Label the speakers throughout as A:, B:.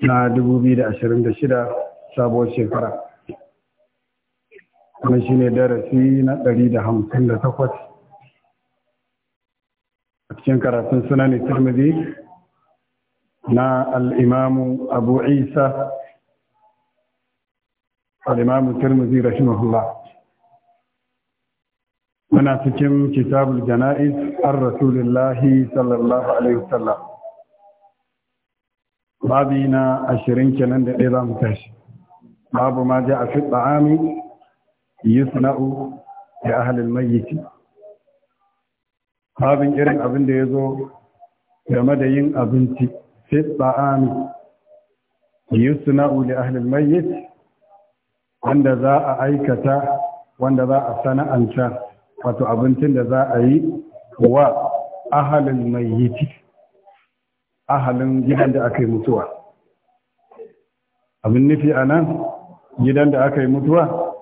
A: Na dubu biyu da ashirin da shida sabuwar shekara kuma shi ne darasi na 158 a cikin karatun sunani turmizi na al'imamu abu isa al-imam tirmidhi rahimahullah muna cikin kitabul janaiz an rasulillahi sallallahu alaihi wasallam babi na ashirin kenan da ɗaya zamu mu tashi babu ma ja a fi ɗa'ami yusna'u da ahalin mayyiti babin irin abin da ya zo game da yin abinci fi wanda za a aikata wanda za a sana'anta wato abincin da za a yi wa ahalin mai mayyiti ahalin gidan da aka yi mutuwa abin nufi a nan gidan da aka yi mutuwa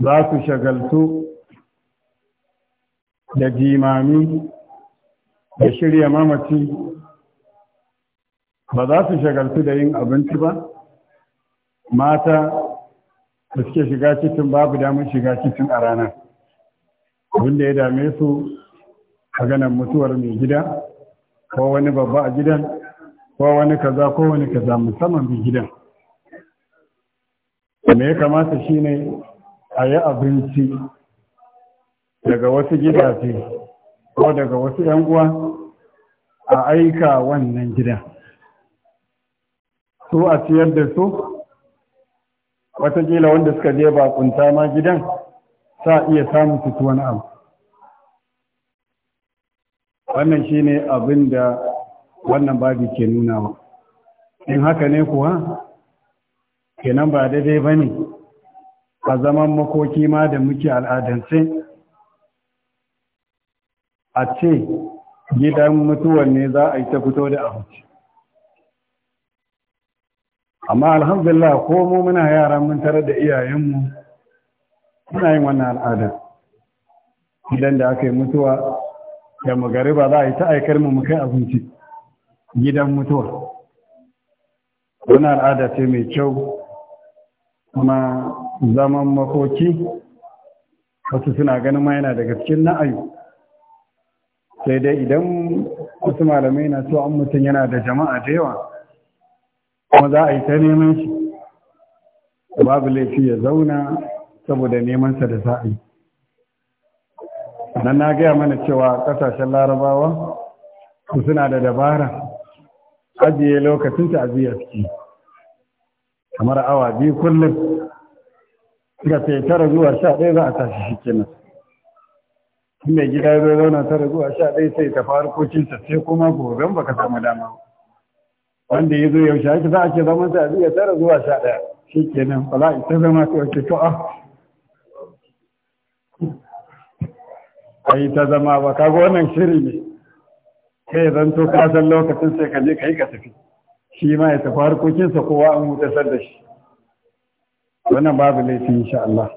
A: za su shagaltu da jimami da shirya mamaci ba za su shagaltu da yin abinci ba mata da suke shiga cikin babu damar shiga cikin a rana abinda ya dame su ganin mutuwar mai gida ko wani babba a gidan ko wani kaza ko wani kaza musamman mai gidan me ya kamata shine a yi abinci daga wasu gidaje ko daga wasu 'yan uwa a aika wannan gida su a ciyar da su watakila wanda suka je kunta ma gidan sa iya samun su wani abu wannan shine abin da wannan babi ke nuna wa in haka ne kuwa kenan ba daidai ba ne a zaman makoki ma da muke al'adance a ce gidan mutuwan ne za a yi ta fito da abinci amma alhamdulillah ko mu muna yara mun tarar da iyayenmu muna yin wannan al'ada idan da aka yi mutuwa da ba za a yi ta aikar mu kai abinci gidan mutuwa wani al'ada ce mai kyau kuma zaman makoki wasu suna ganin ma yana daga cikin na'ayu sai dai idan wasu malamai na so an mutum yana da jama'a da yawa kuma za a yi ta neman shi babu laifi ya zauna saboda nemansa da za a yi nan na gaya mana cewa kasashen larabawa su suna da dabara ajiye lokacin ta ajiye suke kamar awa biyu kullum ga sai tara zuwa sha ɗaya za a tashi shi kenan mai gida zai zauna tara zuwa sha ɗaya sai ta farkocinsa sai kuma gobe ba ka samu dama ba wanda ya zo yaushe haka za a ce zaman sa zuwa tara zuwa sha ɗaya shi kenan fala ita zama ta wake to ah. a yi ta zama ba ka ga wannan shiri ne kai zan to ka san lokacin sai ka je ka yi ka tafi shi ma ya tafi harkokinsa kowa an mutasar da shi wannan babu laifi insha Allah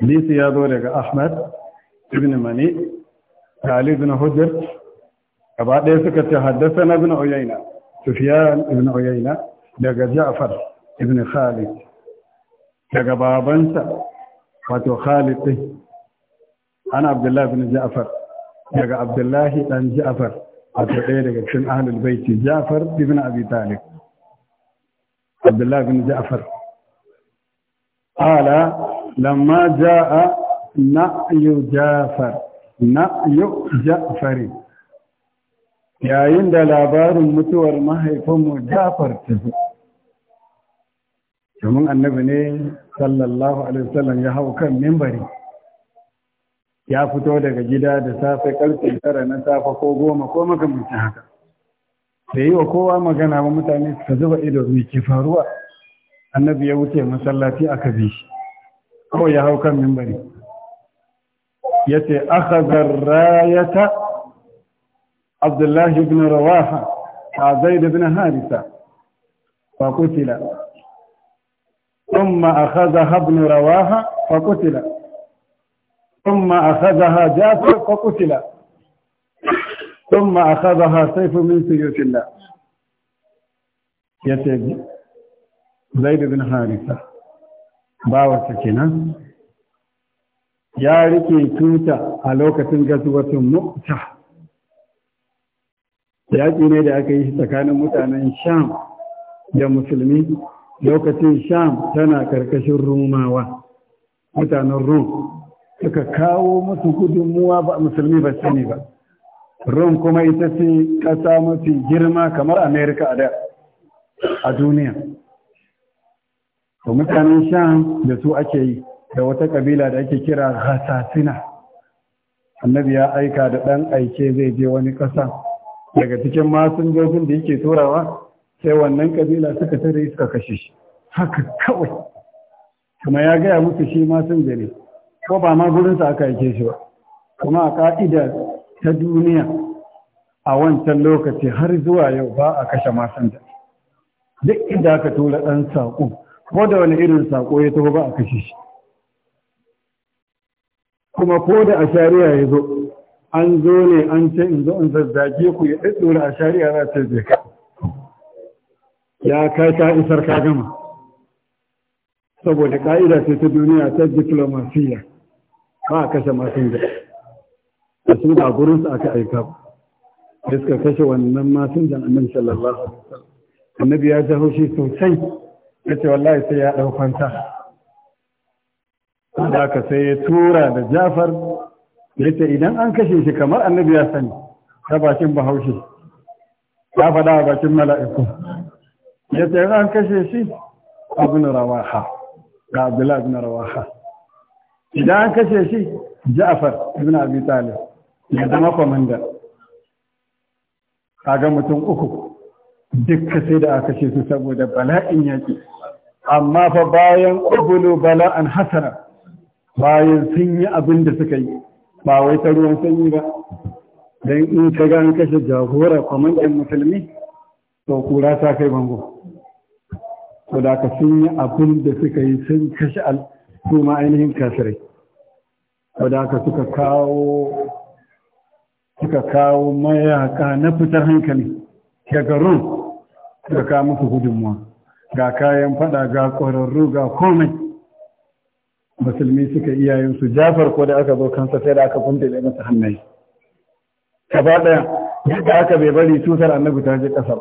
A: hadisi ya zo daga Ahmad ibn Mani Khalid na Hujr gaba ɗaya suka ce haddasa na ibn Uyayna سفيان بن عيينة لقى جعفر بن خالد لقى بابنسا فاتو خالد أنا عبد الله بن جعفر لقى عبد الله بن جعفر فاتو إيريك شن أهل البيت جعفر بن أبي طالب عبد الله بن جعفر قال لما جاء نأي جعفر نأي جعفري yayin da labarin mutuwar mahaifinmu jafar ta zo domin annabi ne sallallahu alaihi wasallam ya hau kan mimbari ya fito daga gida da safe karfe tara na safe ko goma ko makamancin haka sai yi wa kowa magana ba mutane suka zuba ido mai ke faruwa annabi ya wuce masallaci aka bi shi kawai ya hau kan mimbari ya ce aka ta. عبد الله بن رواحة عزيد بن هارثة فقتل ثم أخذها ابن رواحة فقتل ثم أخذها جعفر فقتل ثم أخذها سيف من سيوت الله يتبع زيد بن هارثة باوة سكينة ya rike tuta a lokacin gazuwatun yaƙi ne da aka yi tsakanin mutanen sham da musulmi lokacin sham tana ƙarƙashin rumawa mutanen rum suka kawo musu gudunmuwa ba musulmi ba sani ba rum kuma ita ce ƙasa mafi girma kamar amerika a da a duniya to mutanen sham da su ake yi da wata ƙabila da ake kira hasasina annabi ya aika da ɗan aike zai je wani ƙasa daga cikin masinjojin da yake turawa sai wannan kabila suka tare suka kashe shi haka kawai kuma ya gaya musu shi masinja ne ko ba ma gurinsa aka yake shi ba kuma a ka'ida ta duniya a wancan lokaci har zuwa yau ba a kashe masinja duk inda aka tura ɗan sako, ko da wani irin sako ya taho ba a kashe shi kuma ko da a shari'a ya zo an zo ne an ce in zo in zazzage ku ya ɗaɗɗora a shari'a za ta je ka ya kai ka isar ka gama saboda ƙa'ida ce ta duniya ta diplomasiya ba a kashe masinja a su ba su aka aika ba da suka kashe wannan masinjan annabi sallallahu alaihi wasallam annabi ya ji haushi sosai ya ce wallahi sai ya ɗau kwanta da ka sai ya tura da jafar yace idan an kashe shi kamar annabi ya sani ta bakin bahaushe ya faɗa a bakin mala'iku yace in an kashe shi abin na rawaha ga abdullahi ibn rawaha idan an kashe shi ja'far ibn abi talib ya zama komanda ga mutum uku dukka sai da aka ce su saboda bala'in yaƙi amma fa bayan ubulu bala'an hasara bayan sun yi abin da suka yi ba wai ta ruwan sanyi ba don in ka ga an kashe jagorar kwamandan musulmi to kura ta kai bango to da ka sun yi abin da suka yi sun kashe al ma ainihin kafirai to da ka suka kawo suka kawo mayaka na fitar hankali daga rum suka kawo musu gudunmuwa ga kayan fada ga ƙwararru ga komai musulmi suka iyayensu jafar ko da aka zo kansa sai da aka da masa hannaye gaba ɗaya yadda aka bai bari tutar annabi ta je ƙasar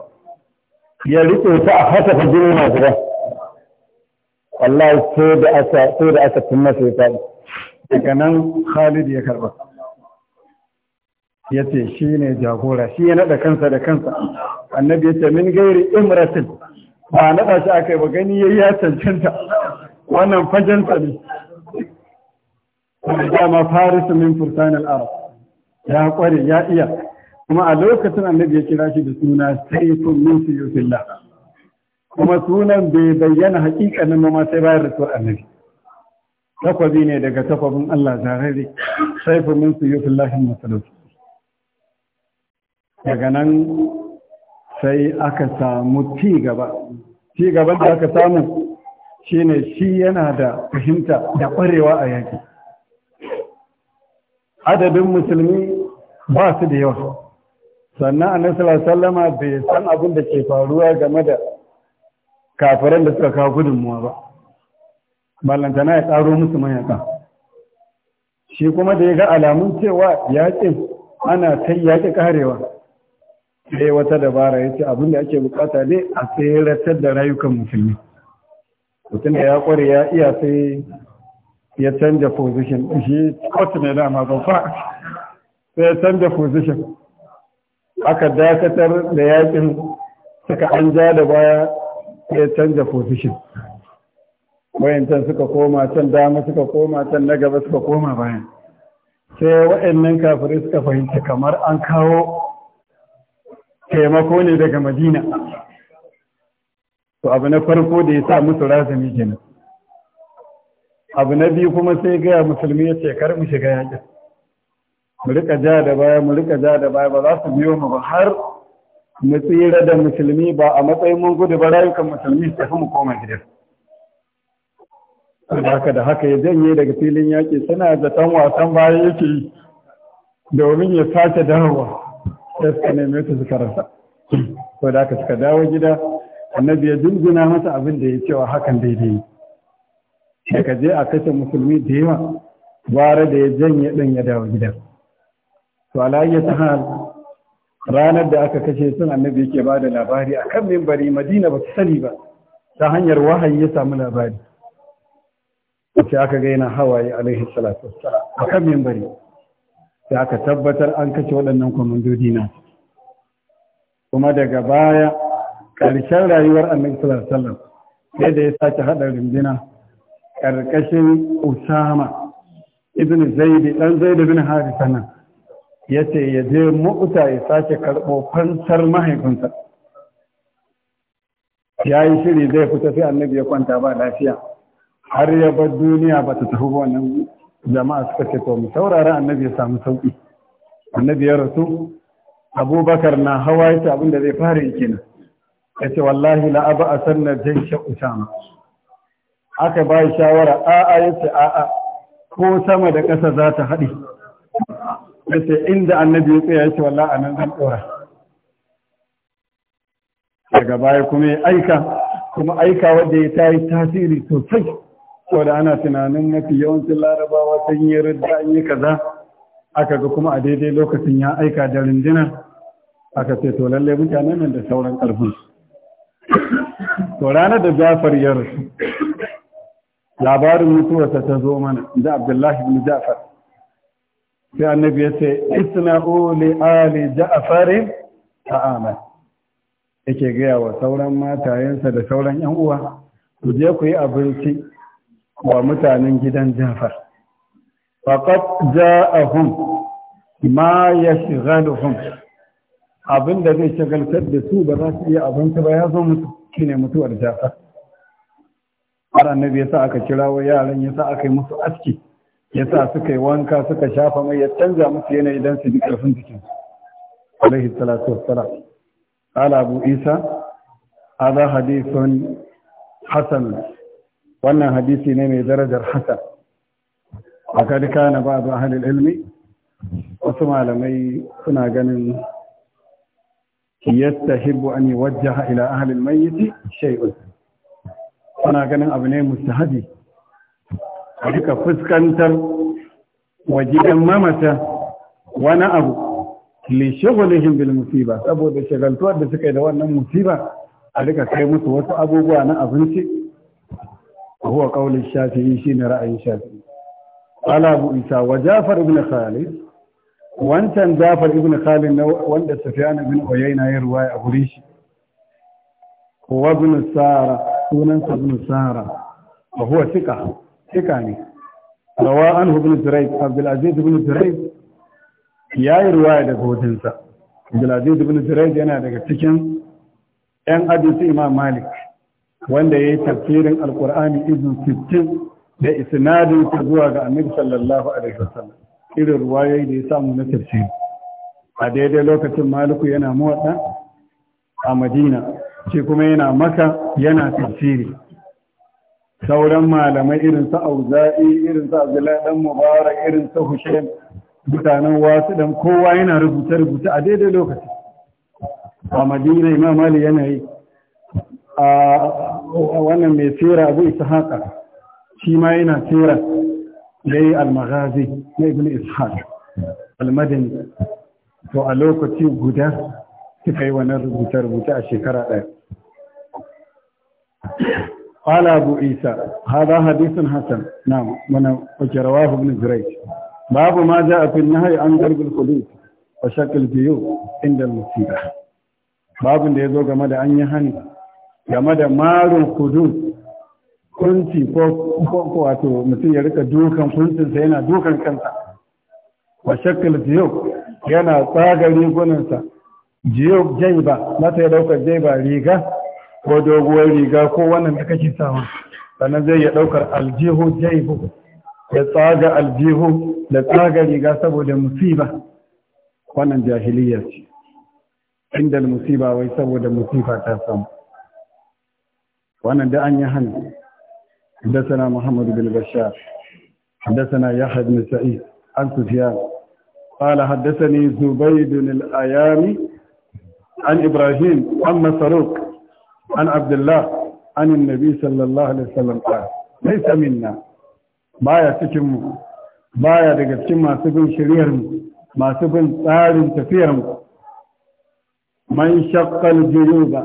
A: ya riƙe ta a hasa ta jini masu ba wallahi sai da aka sai da aka tunna sai ta daga nan Khalid ya karba yace shi ne jagora shi ya naɗa kansa da kansa annabi yace min gairi imratin ba naɗa shi aka yi ba gani ya cancanta wannan fajanta ne kuma dama farisu min furtan al-arab ya kware ya iya kuma a lokacin annabi ya kira shi da suna saifun min suyufillah kuma sunan bai bayyana hakikanin ma sai bayan rasuwar annabi takwabi ne daga takwabin Allah zarare saifun min suyufillah masalus daga nan sai aka samu ci gaba ci gaban da aka samu shine shi yana da fahimta da kwarewa a yaki adadin musulmi ba su da yawa sannan annabi sallama bai san abin da ke faruwa game da kafiran da suka kawo gudunmuwa ba ballantana ya tsaro musu mayaka shi kuma da ya ga alamun cewa yaƙin ana ta yaƙi karewa sai wata dabara ya ce abin da ake bukata ne a tseratar da rayukan musulmi mutum da ya ƙware ya iya sai ya canja position shi kotu ne dama ba sai ya canja position aka dakatar da yakin suka an ja da baya ya canja position wayancan suka koma can dama suka koma can na gaba suka koma bayan sai wa'annan kafirai suka fahimci kamar an kawo taimako ne daga madina to abu na farko da ya sa musu razumi kenan abu na biyu kuma sai gaya musulmi ya ce kar mu shiga yakin mu rika ja da baya mu rika ja da baya ba za su biyo mu ba har mu tsira da musulmi ba a matsayin mun gudu ba rayukan musulmi su tafi mu koma gidan haka da haka ya janye daga filin yaƙi suna zaton wasan baya yake yi domin ya sace dawowa sai suka neme su suka rasa ko da haka suka dawo gida annabi ya jinjina masa abin da ya cewa hakan daidai ne. daga je a kashe musulmi da yawa gwara da ya janye ɗan ya dawo gida to alayya ta hal ranar da aka kashe sun annabi yake ba da labari a kan mimbari madina ba su sani ba ta hanyar wahayi ya samu labari Wace aka ga yana hawaye alaihi salatu a kan mimbari sai aka tabbatar an kashe waɗannan kwamandodi na kuma daga baya ƙarshen rayuwar annabi sallallahu alaihi wasallam sai da ya sake haɗa rindina ƙarƙashin usama ibn zaidi ɗan zaidi bin harisa nan ya ce ya je mu'uta ya sake karɓo fansar mahaifinsa ya yi shiri zai fita sai annabi ya kwanta ba lafiya har ya bar duniya ba ta tafi wannan jama'a suka ce to mu saurara annabi ya samu sauƙi. annabi ya rasu abubakar na hawa ya abin da zai fara yi kenan ce wallahi a aba asanna jaysha usama aka ba shawara a'a yace a'a ko sama da ƙasa za ta haɗe yace inda annabi ya tsaya yace wallahi anan zan ɗora daga baya kuma ya aika kuma aika wanda ya tayi tasiri sosai da ana tunanin mafi yawancin larabawa sun yi rudda an yi kaza aka ga kuma a daidai lokacin ya aika da rindina aka ce to lallai mutanen nan da sauran ƙarfin to ranar da Jafar ya rasu labarin mutuwarsa ta zo mana da abdullahi ibn ja'far sai annabi ya ce isna'u li ali ja'far ta'ama yake gaya wa sauran matayensa da sauran yan uwa ku je ku yi abinci wa mutanen gidan ja'far faqad ja'ahum ma yashghaluhum abinda zai shagaltar da su ba za su iya abinci ba ya zo shine mutuwar ja'far har annabi ya sa aka kirawo yaran ya sa aka yi musu aski ya sa suka yi wanka suka shafa mai ya canza musu yanayi don su ji ƙarfin jikin alaihi salatu wassalam ala abu isa ala hadithun hasan wannan hadisi ne mai darajar hasan na ba ba'd ahli ilmi wasu malamai suna ganin hibbu an yi wajaha ila ahli mayyiti shay'un Ana ganin abu ne mustahabi duka fuskantar wa gidan mamata wani abu li shagulihim bil musiba saboda shagaltuwar da suka yi da wannan musiba a duka kai musu wasu abubuwa na abinci huwa qaulin shafi'i ne ra'ayin shafi'i ala abu isa wa jafar ibn khalid wancan jafar ibn khalid na wanda sufyan ibn uyayna ya ruwaya a gurin shi wa ibn sara sunansa ibn sahara wa huwa thiqa thiqa ne rawa anhu ibn Jurayj Abdul Aziz ibn Jurayj yayi riwaya daga wajensa Abdul Bin ibn yana daga cikin ɗan hadisi Imam Malik wanda yayi tafsirin al izin ibn 60 da isnadin ta zuwa ga Annabi sallallahu alaihi wasallam irin ruwayoyi da ya samu na tafsiri a daidai lokacin Maliku yana muwadda a Madina shi kuma yana maka yana tafsiri sauran malamai irin sa auza'i irin sa abdullahi dan mubarak irin sa hussein mutanen wasu dan kowa yana rubuta rubuta a daidai lokaci a madina imam ali yana yi a wannan mai tsira abu ishaqa shi ma yana tsira dai al-maghazi na ibn ishaq al-madani to a lokaci guda suka yi wannan rubuce-rubuce a shekara ɗaya. قال Isa, عيسى هذا حديث حسن نعم من رواه ابن جريج باب ما جاء في النهي عن ضرب الخدود وشكل الجيوب عند المصيبة باب da yazo game da an yi hani game da marun kudu kunci ko wato mutum ya rika dukan kuncinsa yana dukan kansa wa shakil biyu yana tsaga rigunansa jiyo jaiba na ta daukar jaiba riga ko doguwar riga ko wannan da kake sawa sannan zai ya daukar aljihu jaibu ya tsaga aljihu da tsaga riga saboda musiba wannan jahiliya ce inda musiba wai saboda musiba ta samu wannan da an yi hannu حدثنا محمد بن بشار حدثنا يحيى بن سعيد عن سفيان قال حدثني زبيد الايامي عن إبراهيم عن مسروق عن عبد الله عن النبي صلى الله عليه وسلم قال ليس منا بايا تكمو بايا دقتكم ما سبن شريرم ما سبن تارم man shakkal jiruba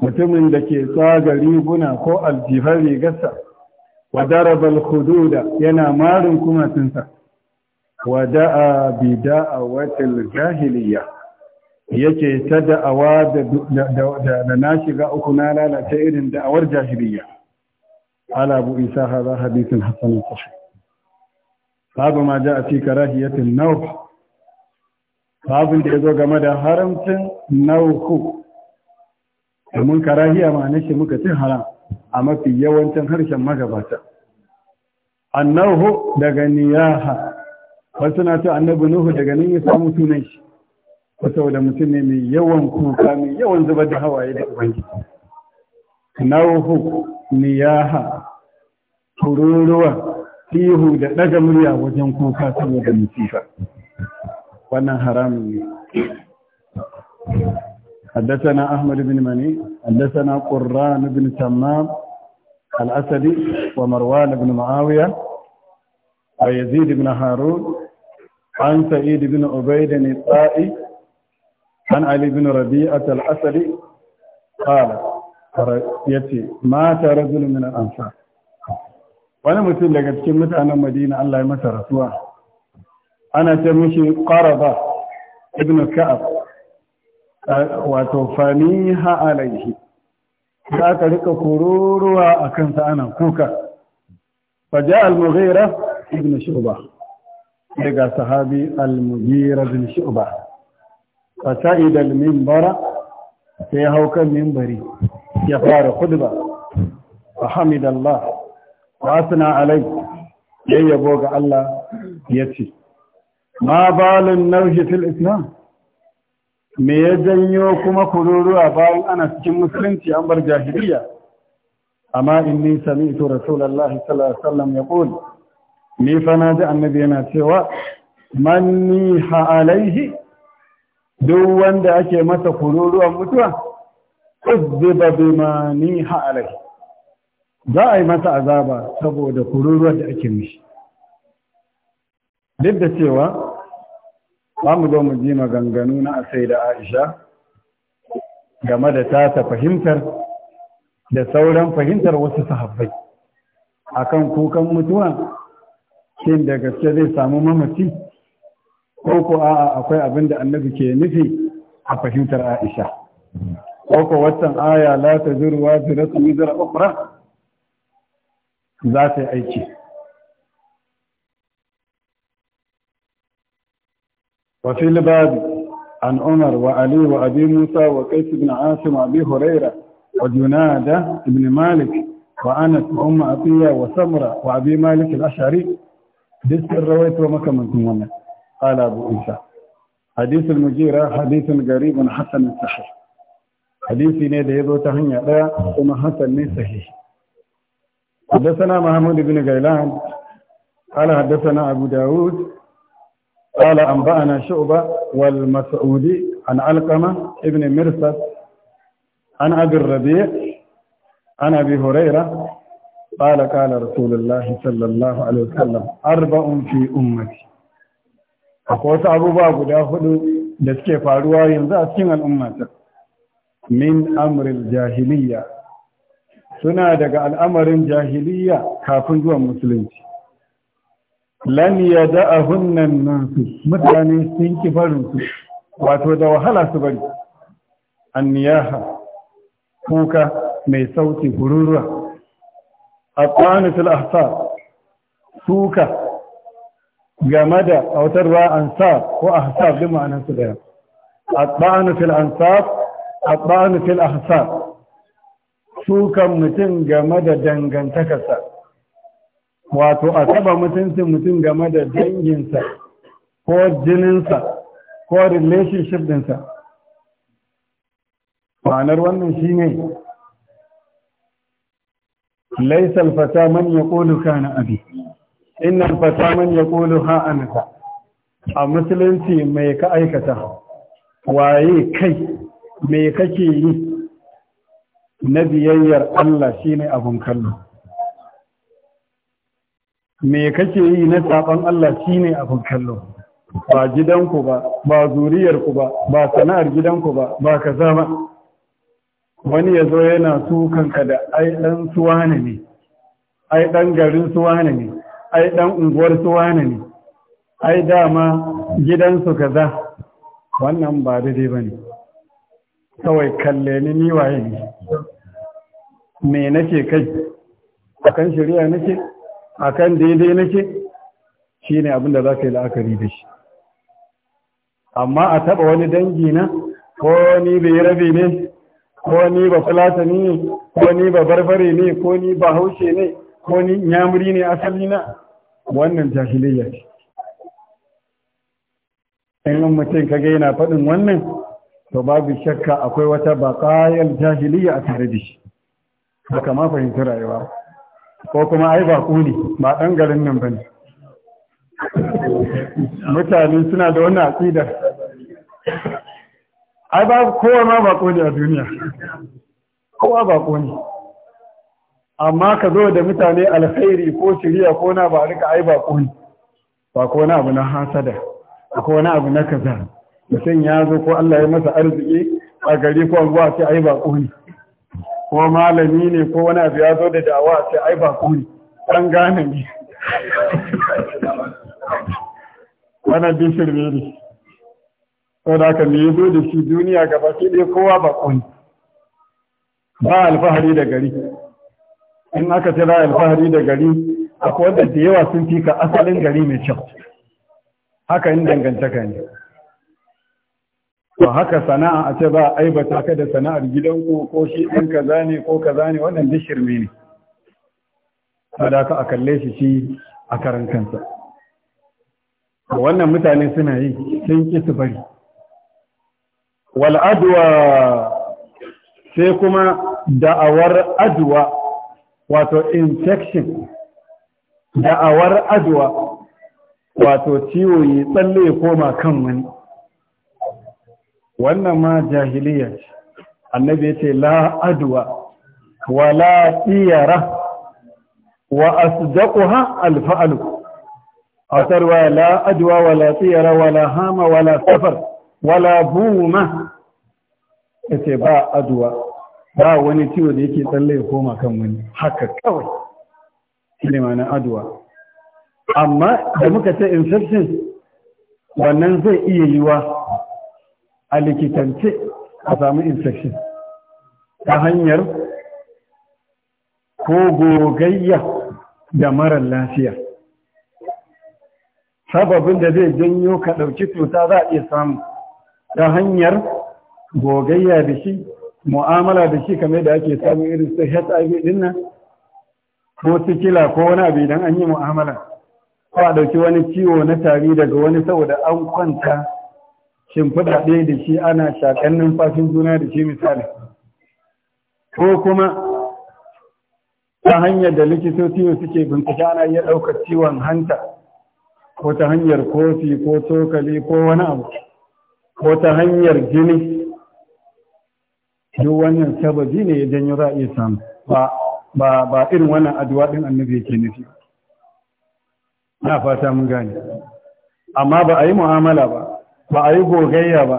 A: mutumin da ke tsaga riguna ko aljihar rigarsa wa darabal hududa yana marin kumatinsa wa da'a bi yake ta da'awa da na shiga uku na lalata irin da'awar jahiliya ala bu isa za hadisin hassanin sashi babu ma ja a fi karahiyatin nauf Babu da ya zo game da haramcin nauku domin karahiya ma na shi muka cin haram a mafi yawancin harshen magabata annahu daga niyaha wasu na ce annabi nuhu daga nin ya samu sunan shi ko saboda mutum ne mai yawan kuka mai yawan zubar da hawaye da ubangiji Nauhu, niyaha tururuwa tihu da ɗaga murya wajen kuka saboda musifa wannan haramun ne حدثنا أحمد بن مني حدثنا قران بن تمام الأسدي ومروان بن معاوية ويزيد بن هارون عن سعيد بن عبيد الطائي an ali bin rabi'at al-asadi qala yace mata rajul min wani mutum daga cikin mutanen Madina Allah ya masa rasuwa ana ce mishi qaraba ibn ka'ab wato faniha alaihi Za aka rika kururuwa a kansa ana kuka faja al-mughira ibn shu'ba daga sahabi al-mughira ibn shu'ba fasa'idal mimbara sai hau kan mimbari ya fara khutba wa hamidallah wa asna alai ya yabo ga Allah ya ce ma balun naushi fil islam me ya janyo kuma a bayan ana cikin musulunci an bar jahiliya amma ni sami'tu rasulullahi sallallahu alaihi wasallam ni fa na ji annabi yana cewa man niha alaihi duk wanda ake masa kururuwan mutuwa uzziba bima ni alai za a yi masa azaba saboda kururuwar da ake mishi duk da cewa ba mu zo mu ji maganganu na asai da aisha game da tasa fahimtar da sauran fahimtar wasu sahabbai akan kukan mutuwa shin da gaske zai samu mamaci ko ko a'a akwai abin da annabi ke nufi a fahimtar Aisha. Ko ko waccan aya la ta zuruwa fi rasu wizar ukhra za ta yi aiki. Wa fil babi an Umar wa Ali wa Abi Musa wa Qais ibn Asim wa Abi Hurairah wa Junada ibn Malik wa Anas Umma Umm Atiya wa Samra wa Abi Malik al-Ashari duk sun rawaito maka mun wannan. قال أبو عيسى حديث المجيرة حديث قريب حسن صحيح حديث ne da yazo ta hanya daya kuma حدثنا محمود بن غيلان قال حدثنا أبو داود قال أنبأنا شعبة والمسعودي عن علقمة ابن مرسد عن أبي الربيع عن أبي هريرة قال قال رسول الله صلى الله عليه وسلم أربع في أمتي akwai wasu abubuwa guda hudu da suke faruwa yanzu a cikin al'ummata min amril jahiliya suna daga al'amarin jahiliya kafin zuwan musulunci ya lam yada'ahunna nasu mutane sun ki barin wato da wahala su bari anniyaha kuka mai sauti hurura a tsanitul ahsar suka game da autar ruwa ko ahsab din ma'anar su daya atba'anu fil ansab atba'anu fil su sukan mutum game da dangantakarsa wato a taba mutuncin mutum game da danginsa ko jininsa ko relationship dinsa ma'anar wannan shi shine laisal fata man yaqulu na abi innan fata man ya ƙolo ha a musulunci mai ka aikata waye kai mai kake yi na biyayyar Allah shine abun kallo me kake yi na saban Allah shine abun kallo ba gidanku ba ba zuriyarku ba ba sana'ar gidanku ba ba kaza ba wani ya zo yana kanka da ai dan suwane ne ai dan garin suwane ne ai dan unguwar su wane ne ai dama gidansu kaza wannan ba daidai ba ne kawai kalle ni ni waye ne me nake kai akan shari'a nake akan daidai nake shine abin da za ka yi la'akari da shi amma a taba wani dangi na ko ni bai rabi ne ko ni ba fulatani ne ko ni ba barbare ne ko ni ba haushe ne ko ni nyamuri ne asali na wannan jahiliyya ce in mutum kage yana faɗin wannan to babu shakka akwai wata baƙayar jahiliya a tare da shi haka ma fahimci rayuwa ko kuma ai ba ne ba ɗan garin nan ba ne mutane suna da wannan aƙidar ai ba kowa ma baƙo ne a duniya kowa baƙo ne amma ka zo da mutane alkhairi ko shirya ko na ba rika ai ba kun ba ko na abu na hasada ko na abu na kaza mutum ya zo ko Allah ya masa arziki a gari ko abuwa sai ai ba kun ko malami ne ko wani abu ya zo da dawa sai ai ba kun dan gane ni wannan bishir ne ko da haka me zo da shi duniya gaba sai dai kowa ba kun ba alfahari da gari in aka tira alfahari da gari akwai wanda da yawa sun fi ka asalin gari mai kyau haka in dangantaka ne Ba haka sana'a a ce ba aibata ka da sana'ar gidanku ko shi ɗan za ne ko za ne wannan duk shirme ne da ka a kalle shi shi a karan kansa wannan mutane suna yi sun ki su bari Wal'aduwa sai kuma da'awar adwa wato infection da'awar adwa wato ciwo yi tsalle ya koma kan wani wannan ma jahiliya annabi ya ce la adwa wa la tiyara wa asdaquha alfa'lu atarwa la adwa wa la tiyara wa la hama wa la safar wa la buma ce ba adwa ba wani ciwo da yake tsalle ya koma kan wani haka kawai shine ma'anar aduwa amma da muka ce infection wannan zai iya yiwa a likitance a samu infection ta hanyar ko gogayya da marar lafiya sababin da zai janyo ka ɗauki cuta za a iya samu ta hanyar gogayya da shi mu'amala da shi kamar da ake samun irin su HIV din nan ko sikila ko wani abu idan an yi mu'amala ko a ɗauki wani ciwo na tari daga wani saboda an kwanta shimfiɗa ɗaya da shi ana shaƙan numfashin juna da shi misali ko kuma ta hanyar da likitoci suke bincike ana iya ɗaukar ciwon hanta ko ta hanyar kofi ko cokali ko wani abu ko ta hanyar jini duk wannan sababi ne ya janyo za a samu ba irin wannan addu'a din annabi yake nufi na fata mun gane amma ba a yi mu'amala ba ba a yi gogayya ba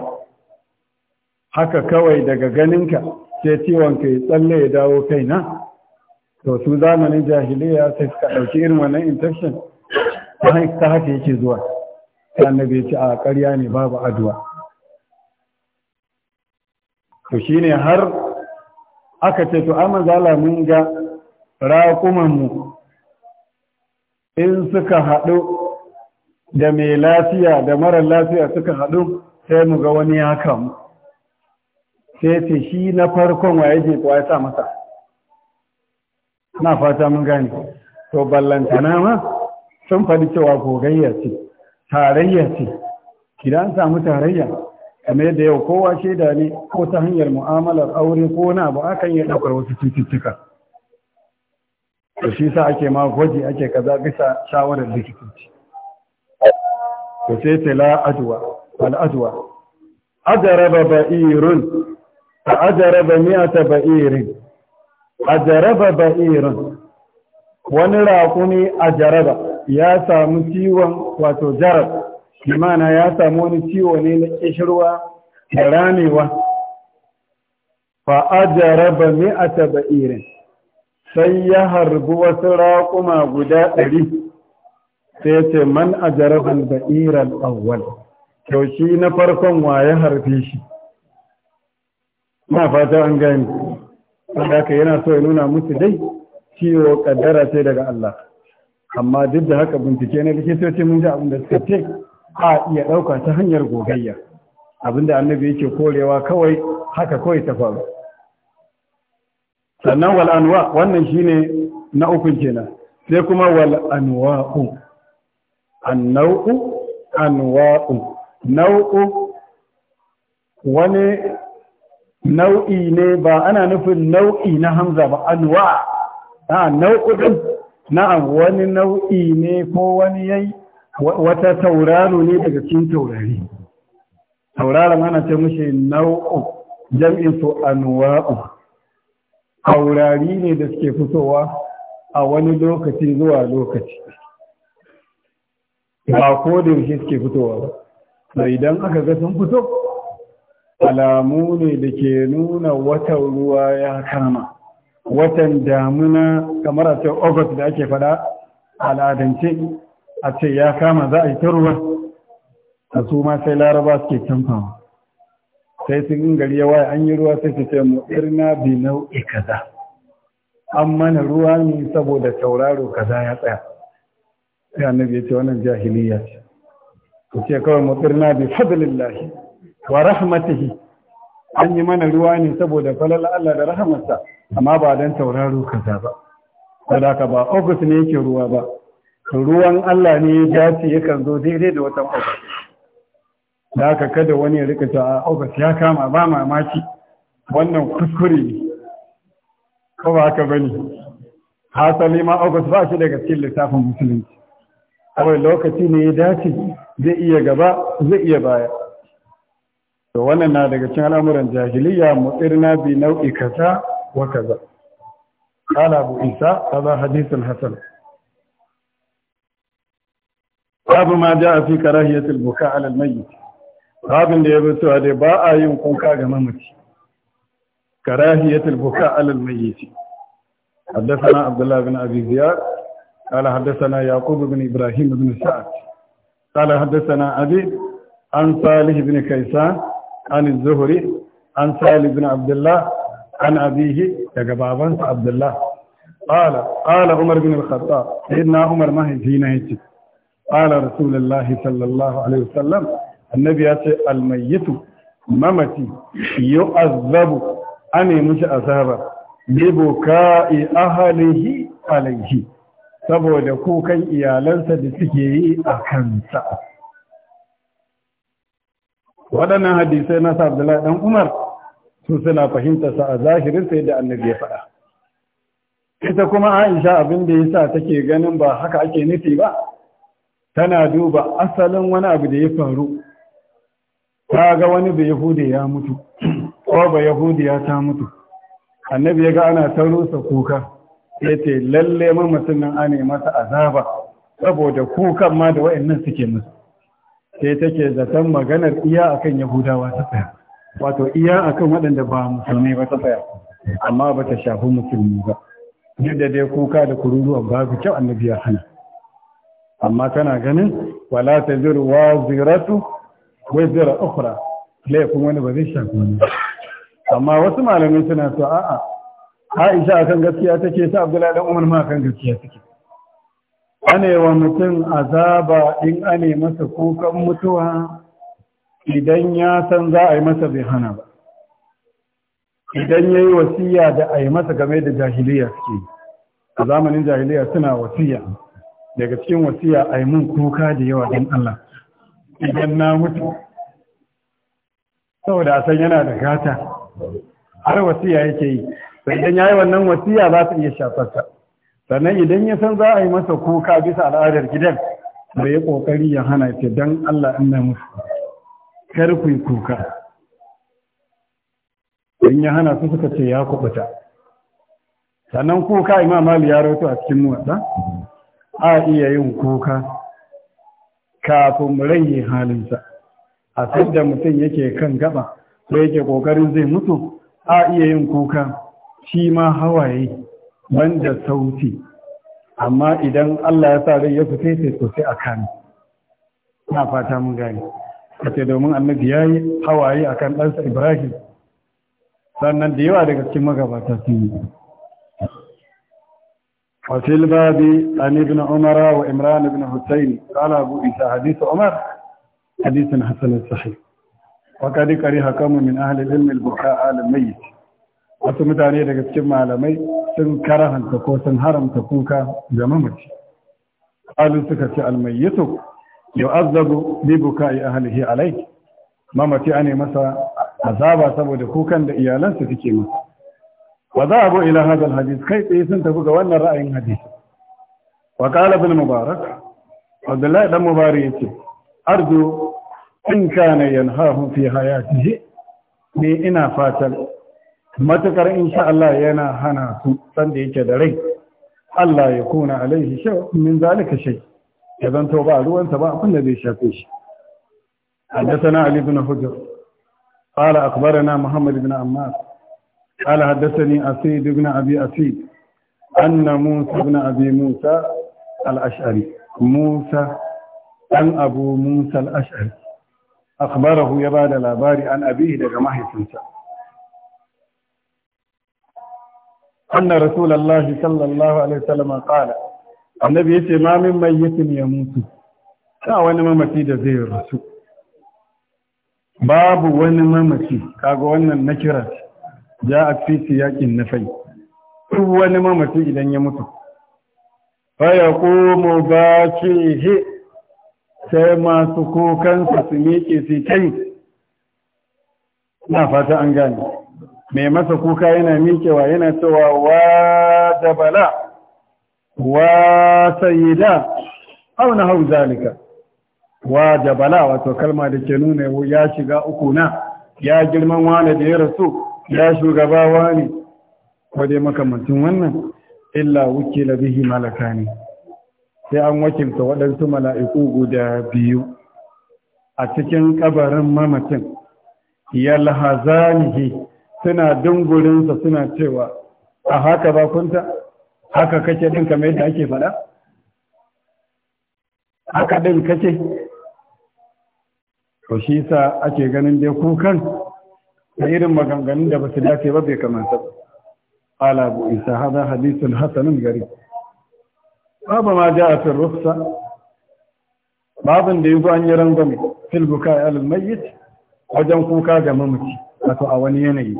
A: haka kawai daga ganinka sai ciwon ka ya tsalle ya dawo kaina to su zamanin jahiliya sai suka ɗauki irin wannan infection ta haka yake zuwa annabi ya ce a ƙarya ne babu addu'a to shi ne har aka ce to amma zala mun ga mu in suka haɗu da mai lafiya da mara lafiya suka haɗu sai mu ga wani ya kamu sai ce shi na farkon wa yake kuwa ya sa masa na fata mun gane to na ma sun faɗi cewa gogayya ce tarayya ce samu tarayya kamar da yau kowa shaida ne ko ta hanyar mu'amalar aure ko na abu akan yi ɗaukar wasu cututtuka to shi sa ake ma gwaji ake kaza bisa shawarar likitoci to sai ta la adwa wal adwa ajaraba ba'irun ta ajaraba miyata ba'irin ajaraba ba'irun wani raƙumi ajaraba ya samu ciwon wato jarab na ya samu wani ciwo ne na ƙishirwa da ramewa fa a taba irin. sai ya harbi wasu raƙuma guda ɗari sai ce man jaraban ba'iran awwal to shi na farkon wa ya harbe shi na fata an gani wanda ka yana so ya nuna musu dai ciwo kaddara ce daga Allah amma duk da haka bincike na likitoci mun ji abin da suka ce a iya ɗauka ta hanyar gogayya abinda annabi yake korewa kawai haka kawai ta faru sannan wal anwa wannan shine na ukun kenan sai kuma wal anwa'u annau'u anwa'u nau'u wani nau'i ne ba ana nufin nau'i na hamza ba anwa a nau'u din na'am wani nau'i ne ko wani wata tauraro ne daga cikin taurari tauraron ana ce mushi nau'u jam'in su anwa'u taurari ne da suke fitowa a wani lokaci zuwa lokaci ba ko da yaushe suke fitowa ba idan aka ga sun fito alamu ne da ke nuna wata ruwa ya kama watan damuna kamar a ce da ake fada al'adance a ce ya kama za a yi ta ruwa a su ma sai laraba suke canfawa sai sun gari ya waye an yi ruwa sai su ce mu irna bi nau'i kaza an mana ruwa ne saboda tauraro kaza ya tsaya sai annabi ya ce wannan jahiliya ce ku ce kawai mu irna bi fadlillahi wa rahmatihi an yi mana ruwa ne saboda falal Allah da rahamarsa amma ba don tauraro kaza ba saboda ba August ne yake ruwa ba ruwan Allah ne ya dace yakan zo daidai da watan August da aka kada wani ya rika ta August ya kama ba mamaki wannan kuskure ne ko ba haka bane hasali ma August ba shi daga cikin littafin musulunci kawai lokaci ne ya dace zai iya gaba zai iya baya to wannan na daga cikin al'amuran jahiliya mutsirna bi nau'i kaza wa kaza قال Isa, إيسى هذا hadisin Hassan. babu ma da fi karahiyatul buka ala al mayyit babu da yabo to da ba a yin kuka ga mamaci karahiyatul buka ala al mayyit haddathana abdullah ibn abi ziyad qala haddathana yaqub ibn ibrahim ibn sa'd qala haddathana abi an salih ibn kaysan an az an salih ibn abdullah an abihi daga baban abdullah qala qala umar ibn al-khattab inna umar ma hi fi nahiyati qala rasulullahi sallallahu alaihi wasallam annabi ya ce almayyitu mamati yu'azzabu ane mishi azaba bi buka'i ahlihi alaihi saboda kukan iyalansa da suke yi a kansa waɗannan hadisai na sa Abdullahi dan Umar su suna fahimta sa a zahirin sai da annabi ya faɗa ita kuma Aisha abin da yasa take ganin ba haka ake nufi ba tana duba asalin wani abu da ya faru ta ga wani bai yahudi ya mutu ko ba yahudi ya ta mutu annabi ya ga ana ta rusa kuka ya ce lalle mamacin nan ane masa azaba saboda kukan ma da wa'annan suke musu sai take zaton maganar iya akan yahudawa ta tsaya wato iya akan waɗanda ba musulmi ba ta tsaya amma ba ta shafi musulmi ba duk da dai kuka da kururuwan babu kyau annabi ya hana amma kana ganin wala ta jiru wa ziratu wai zira ukura laifin wani ba zai shafi wani amma wasu malamai suna so a'a aisha akan gaskiya take sa abdullahi dan umar ma akan gaskiya take ane wa mutum azaba in ane masa kukan mutuwa idan ya san za a yi masa bai hana ba idan ya yi wasiya da a yi masa game da jahiliya suke a zamanin jahiliya suna wasiya daga cikin wasiya a yi mun kuka da yawa don Allah idan na mutu saboda da san yana da gata har wasiya yake yi sai idan ya yi wannan wasiya za su iya shafarsa sannan idan ya san za a yi masa kuka bisa al'adar gidan da ya ƙoƙari ya hana ce don Allah ina musu kar ku yi kuka in ya hana su suka ce ya kuɓuta sannan kuka imam Ali ya rawaito a cikin wasa? a iya yin kuka kafin rage halinsa a da mutum yake kan gaba ko yake ƙoƙarin zai mutu a iya yin kuka shi ma hawaye banda sauti amma idan Allah ya sa rai ya fita sai sosai a kan na fata mun gane kace domin annabi yayi hawaye akan ɗansa Ibrahim sannan da yawa daga cikin magabata sun yi وفي الباب عن ابن عمر وإمران بن حسين قال أبو إيسى حديث عمر حديث حسن صحيح وقد كره كم من أهل العلم البكاء على الميت wasu mutane daga cikin malamai sun kara ko sun haramta kuka ga mamaci alu suka ce almayyitu yu'azzabu bi buka'i ahlihi alai mamaci ane masa azaba saboda kukan da iyalansa suke masa wa za a bu ila hadal hadis kai tsaye sun tafi ga wannan ra'ayin hadisi wa qala ibn mubarak abdullahi dan mubarak yace arju in kana yanhahu fi hayatihi ni ina fatan matukar insha Allah yana hana su sanda yake da rai Allah ya kuna alaihi shay min zalika shay ya zanto ba ruwansa ba abin da zai shafe shi حدثنا علي بن حجر قال أخبرنا محمد بن عمار قال حدثني أسيد بن أبي أسيد أن موسى بن أبي موسى الأشعري موسى أن أبو موسى الأشعري أخبره يبال الأباري عن أبيه لجماعة سنسى أن رسول الله صلى الله عليه وسلم قال النبي يتي ما من ميت يموت ka wani mamaci da zai rasu babu wani mamaci kaga wannan na kira ya a fi yaƙin na fai duk wani mamaci idan ya mutu faya komo ba ce he sai masu kokansa su miƙe su kai na fata an gane mai masa kuka yana mikewa yana cewa wa da bala wa sayida auna hau zalika wa da wato kalma da ke nuna ya shiga uku na ya girman wane da ya rasu ya shugabawa ne ko dai makamantin wannan illa wuke bihi malaka ne sai an wakilta waɗansu mala'iku guda biyu a cikin ƙabarin mamacin yalhazanihi suna dungurinsa suna cewa a haka ba kunta haka kake ɗin kamar yadda ake faɗa haka ɗin kake to shi sa ake ganin dai kukan da irin maganganun da ba su dace ba bai kamata ba qala abu isa hada hadithun hasanun gari babu ma ja'a fi rufsa babin da yazo an yi rangwame fil bukai al mayyit wajen kuka ga mamaci wato a wani yanayi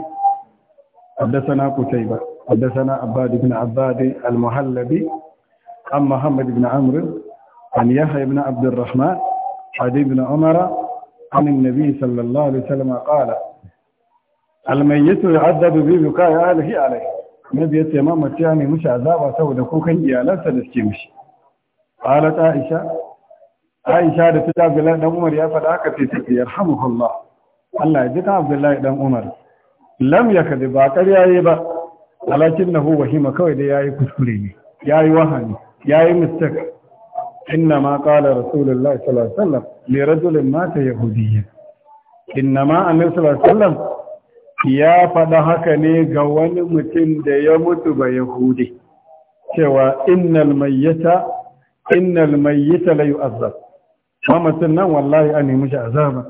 A: حدثنا قتيبة حدثنا عباد بن عباد المهلبي عن محمد بن عمرو عن يحيى بن عبد الرحمن عن ابن عمر عن النبي صلى الله عليه وسلم قال almayyitu yu'addabu bi bukai ahlihi alayhi nabi yace ma mace ne mishi azaba saboda kukan iyalansa da suke mishi qala aisha aisha da ta Abdullahi dan Umar ya faɗa haka sai ta yarhamuhullah Allah ya ji ta Abdullahi dan Umar lam yakadi ba ƙarya yayi ba walakinnahu wahima kawai da yayi kuskure ne yayi wahani yayi mistake إنما قال رسول الله صلى الله عليه وسلم لرجل مات يهوديا إنما النبي صلى الله عليه وسلم ya faɗa haka ne ga wani mutum da ya mutu ba yahudi cewa innal mayyata innal layu azab, ba mutum nan wallahi an nemi shi azaba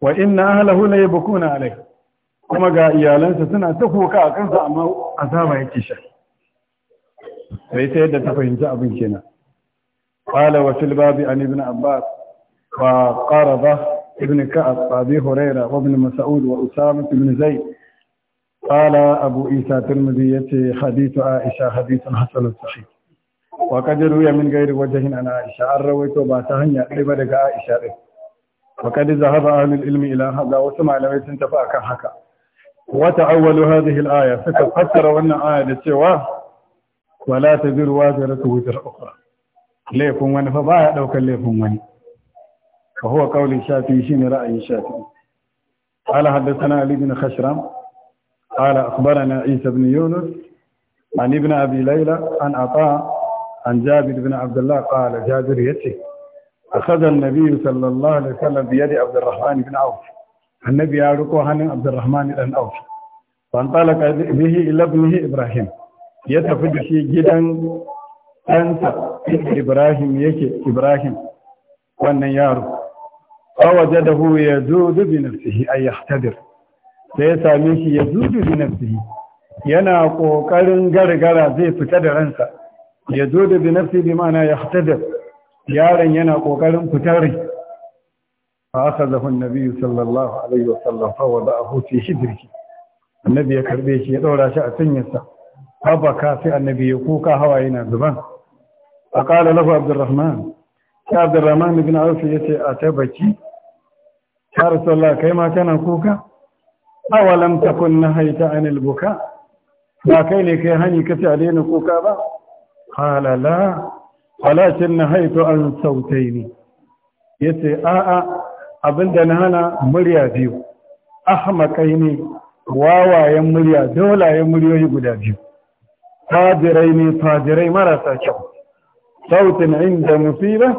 A: wa inna ahlahu la bukuna alai? kuma ga iyalansa suna ta kuka a kansa amma azaba yake sha sai ta yadda ta fahimci abin kenan Ƙala wa fil babi an ibn abbas wa ba. ابن كعب وابي هريره وابن مسعود واسامه بن زيد قال ابو عيسى الترمذي حديث عائشه حديث حسن صحيح وقد روي من غير وجه عن عائشه ان رويته باتهن ba daga عائشه din وقد ذهب اهل العلم الى هذا وسمع لم تنتفع akan haka وتأول هذه الآية فتفسر وأن آية سوى ولا تزر وازرة وزر أخرى ليكم ونفضاء لو كان ليكم ونفضاء وهو قول الشافعي شين رأي الشافعي قال حدثنا علي بن خشرم قال أخبرنا عيسى بن يونس عن ابن أبي ليلى عن عطاء عن جابر بن عبد الله قال جابر يتي أخذ النبي صلى الله عليه وسلم بيد عبد الرحمن بن عوف النبي يعرقه عن عبد الرحمن بن عوف فانطلق به إلى ابنه إبراهيم يتفج في جدا أنت إبراهيم يكي إبراهيم وانا يارو A fawajadahu yazudu bi nafsihi ay yahtadir sai ya same shi yazudu bi nafsihi yana kokarin gargara zai fita da ransa Ya bi nafsihi bi ma'ana yahtadir yaron yana kokarin fitar rai fa akhadahu an-nabi sallallahu alaihi wa sallam fa wada'ahu fi shidrihi annabi ya karbe shi ya ɗaura shi a cinyarsa habaka sai annabi ya kuka hawaye na zuban a qala lahu abdurrahman sai abdurrahman ibn auf yace a tabaki ya kai ma kana kuka awalam takun haita anil buka ba kai ne kai hani kace a daina kuka ba wala cin na haito an sautai Ya ce a'a abinda na hana murya biyu ahmakai ne wawayen murya dolayen muryoyi guda biyu fadirai ne fadirai marasa kyau sautin inda musiba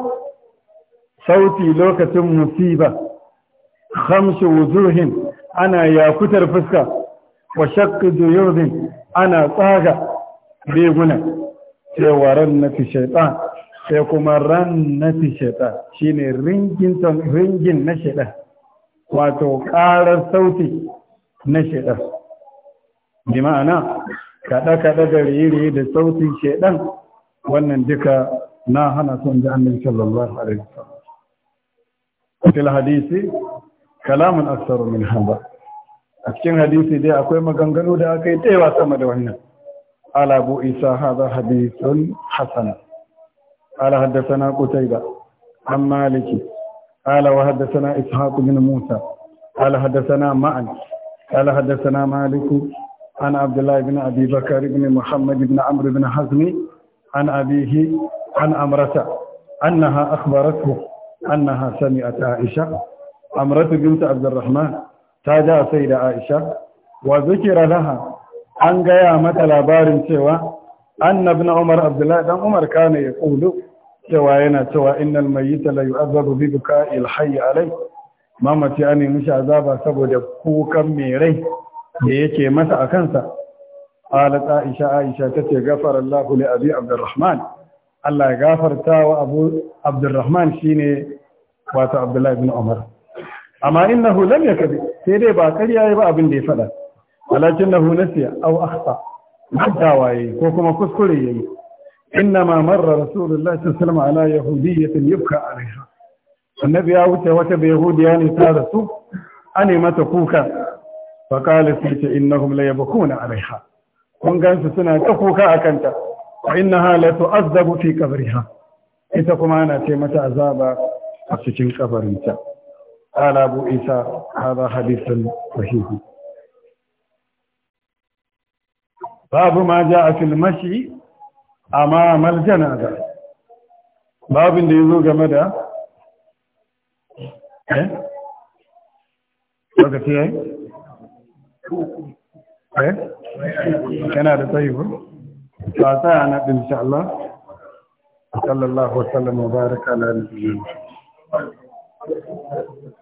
A: sauti lokacin musiba khamshu wuzuhin ana yakutar fuska wa shakku juyudin ana tsaga riguna cewa rannati shaitan sai kuma rannati shaitan shine ringin ringin na shaitan wato karar sauti na shaitan bi ma'ana kada kada da riri da sautin shaitan wannan duka na hana son da annabi sallallahu alaihi wasallam fil hadisi kalamun aksaru min haba a cikin hadisi dai akwai maganganu da aka yi tsayawa sama da wannan ala abu isa hadha hadithun hasan ala haddathana qutayba an maliki ala wa haddathana ishaq bin musa ala haddathana ma'an ala haddathana maliku عن عبد الله بن أبي بكر بن محمد بن عمرو بن حزم عن أبيه عن أمرته أنها أخبرته أنها سمعت عائشة amratu Binta abdurrahman ta ja sai da aisha wa zikira laha an gaya mata labarin cewa annabin umar abdullahi dan umar kana ya kulu cewa yana cewa innal mayyita la yu'azzabu bi buka'il hayy alai mamaci an yi mishi azaba saboda kukan mai rai da yake masa a kansa qalat aisha aisha tace gafara Allah li abi abdurrahman Allah ya gafarta wa abu abdurrahman shine wato abdullahi ibn umar amma innahu lam yakdi sai dai ba kariya yayi ba abin da ya faɗa walakinahu nasiya aw akhta haddawa yayi ko kuma kuskure yayi inna ma marra rasulullahi sallallahu alaihi wasallam ala yahudiyatin yubka alaiha annabi ya wuce wata yahudiya ne ta rasu ane mata kuka fa qala sai innahum la yabkuna alaiha kun gansu suna ta kuka akanta wa innaha la tu'azzabu fi qabriha ita kuma ana ce mata azaba a cikin kabarinta قال أبو عيسى هذا حديث صحيح باب ما جاء في المشي أمام الجنازة باب اللي يزوج مدى إيه؟ وقت إيه؟ إيه؟ كان هذا طيب فأتانا إن شاء الله صلى الله وسلم وبارك على نبينا